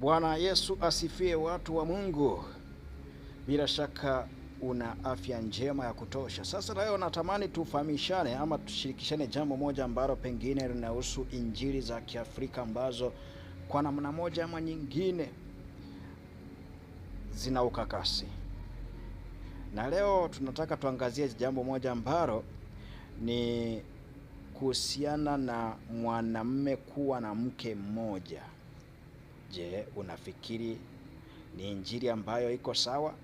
Bwana Yesu asifie, watu wa Mungu. Bila shaka una afya njema ya kutosha. Sasa leo natamani tufahamishane ama tushirikishane jambo moja ambalo pengine linahusu injili za Kiafrika ambazo kwa namna moja ama nyingine zina ukakasi, na leo tunataka tuangazie jambo moja ambalo ni kuhusiana na mwanamme kuwa na mke mmoja. Je, unafikiri ni injili ambayo iko sawa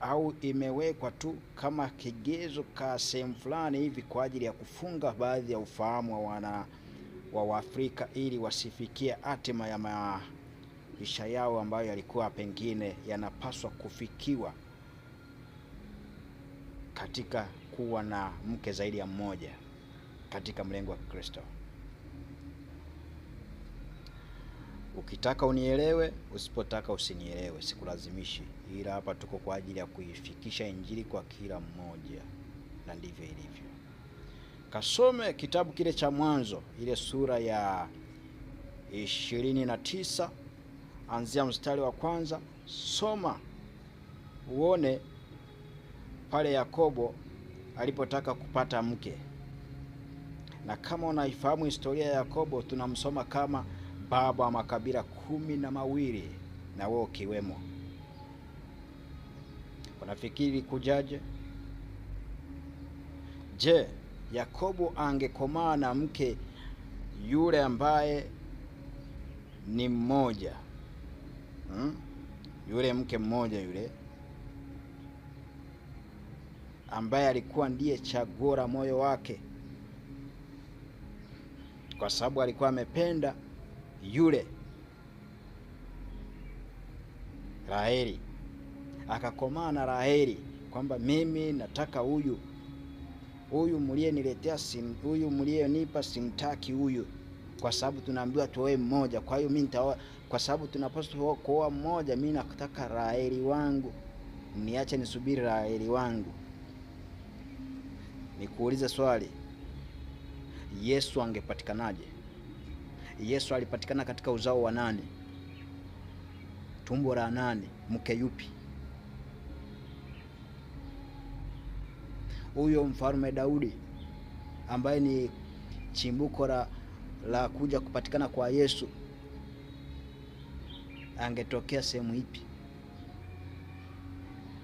au imewekwa tu kama kigezo ka sehemu fulani hivi kwa ajili ya kufunga baadhi ya ufahamu wa wana wa Waafrika ili wasifikie hatima ya maisha yao ambayo yalikuwa pengine yanapaswa kufikiwa katika kuwa na mke zaidi ya mmoja katika mlengo wa Kikristo. Ukitaka unielewe, usipotaka usinielewe, sikulazimishi, ila hapa tuko kwa ajili ya kuifikisha injili kwa kila mmoja, na ndivyo ilivyo. Kasome kitabu kile cha Mwanzo, ile sura ya ishirini na tisa anzia mstari wa kwanza, soma uone pale Yakobo alipotaka kupata mke, na kama unaifahamu historia ya Yakobo, tunamsoma kama baba wa makabila kumi na mawili na wewe ukiwemo. Unafikiri kujaje? Je, Yakobo angekomaa na mke yule ambaye ni mmoja hmm? Yule mke mmoja yule ambaye alikuwa ndiye chaguo la moyo wake, kwa sababu alikuwa amependa yule Raheli akakomaa na Raheli kwamba mimi nataka huyu huyu mliyeniletea sim, huyu mliyenipa simtaki huyu, kwa sababu tunaambiwa tuoe mmoja. Kwa hiyo mimi nitaoa, kwa sababu tunapaswa kuoa mmoja. Mimi nakutaka Raheli wangu, niache nisubiri Raheli wangu. Nikuulize swali, Yesu angepatikanaje? Yesu alipatikana katika uzao wa nani? Tumbo la nani? Mke yupi? Huyo mfalme Daudi ambaye ni chimbuko la, la kuja kupatikana kwa Yesu angetokea sehemu ipi?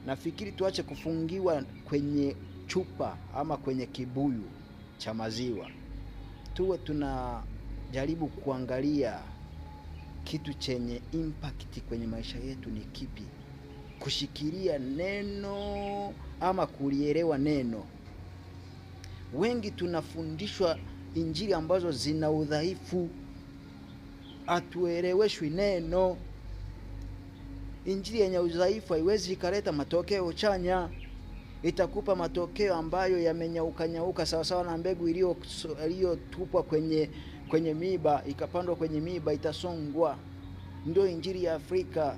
Nafikiri tuache kufungiwa kwenye chupa ama kwenye kibuyu cha maziwa, tuwe tuna jaribu kuangalia kitu chenye impact kwenye maisha yetu ni kipi. Kushikilia neno ama kulielewa neno. Wengi tunafundishwa injili ambazo zina udhaifu, hatueleweshwi neno. Injili yenye udhaifu haiwezi ikaleta matokeo chanya itakupa matokeo ambayo yamenyauka nyauka sawasawa na mbegu iliyotupwa kwenye kwenye miba ikapandwa kwenye miba itasongwa. Ndio injili ya Afrika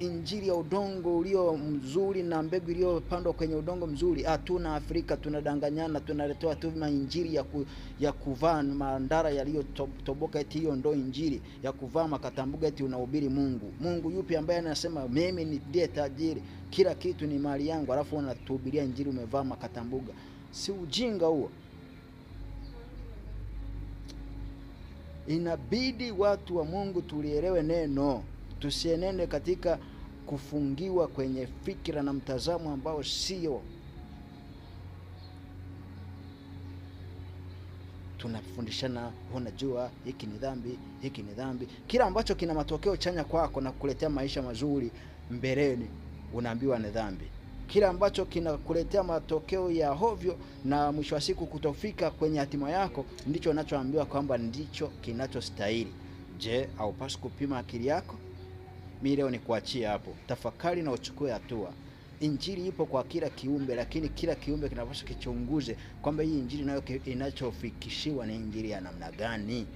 injili ya udongo ulio mzuri na mbegu iliyopandwa kwenye udongo mzuri. Hatuna Afrika, tunadanganyana, tunaletewa tu injili ya, ku, ya kuvaa mandara yaliyotoboka, eti hiyo ndo injili ya kuvaa makatambuga, eti unahubiri Mungu. Mungu yupi ambaye anasema mimi ni ndiye tajiri, kila kitu ni mali yangu, alafu unatuhubiria injili umevaa makatambuga? Si ujinga huo? Inabidi watu wa Mungu tulielewe neno tusienende katika kufungiwa kwenye fikira na mtazamo ambao sio. Tunafundishana, unajua hiki ni dhambi, hiki ni dhambi, kila ambacho kina matokeo chanya kwako na kukuletea maisha mazuri mbeleni, unaambiwa ni dhambi. Kila ambacho kinakuletea matokeo ya hovyo na mwisho wa siku kutofika kwenye hatima yako, ndicho unachoambiwa kwamba ndicho kinachostahili. Je, haupaswi kupima akili yako? mi leo ni kuachia hapo, tafakari na uchukue hatua. Injili ipo kwa kila kiumbe, lakini kila kiumbe kinapaswa kichunguze kwamba hii injili inachofikishiwa ni injili ya namna gani.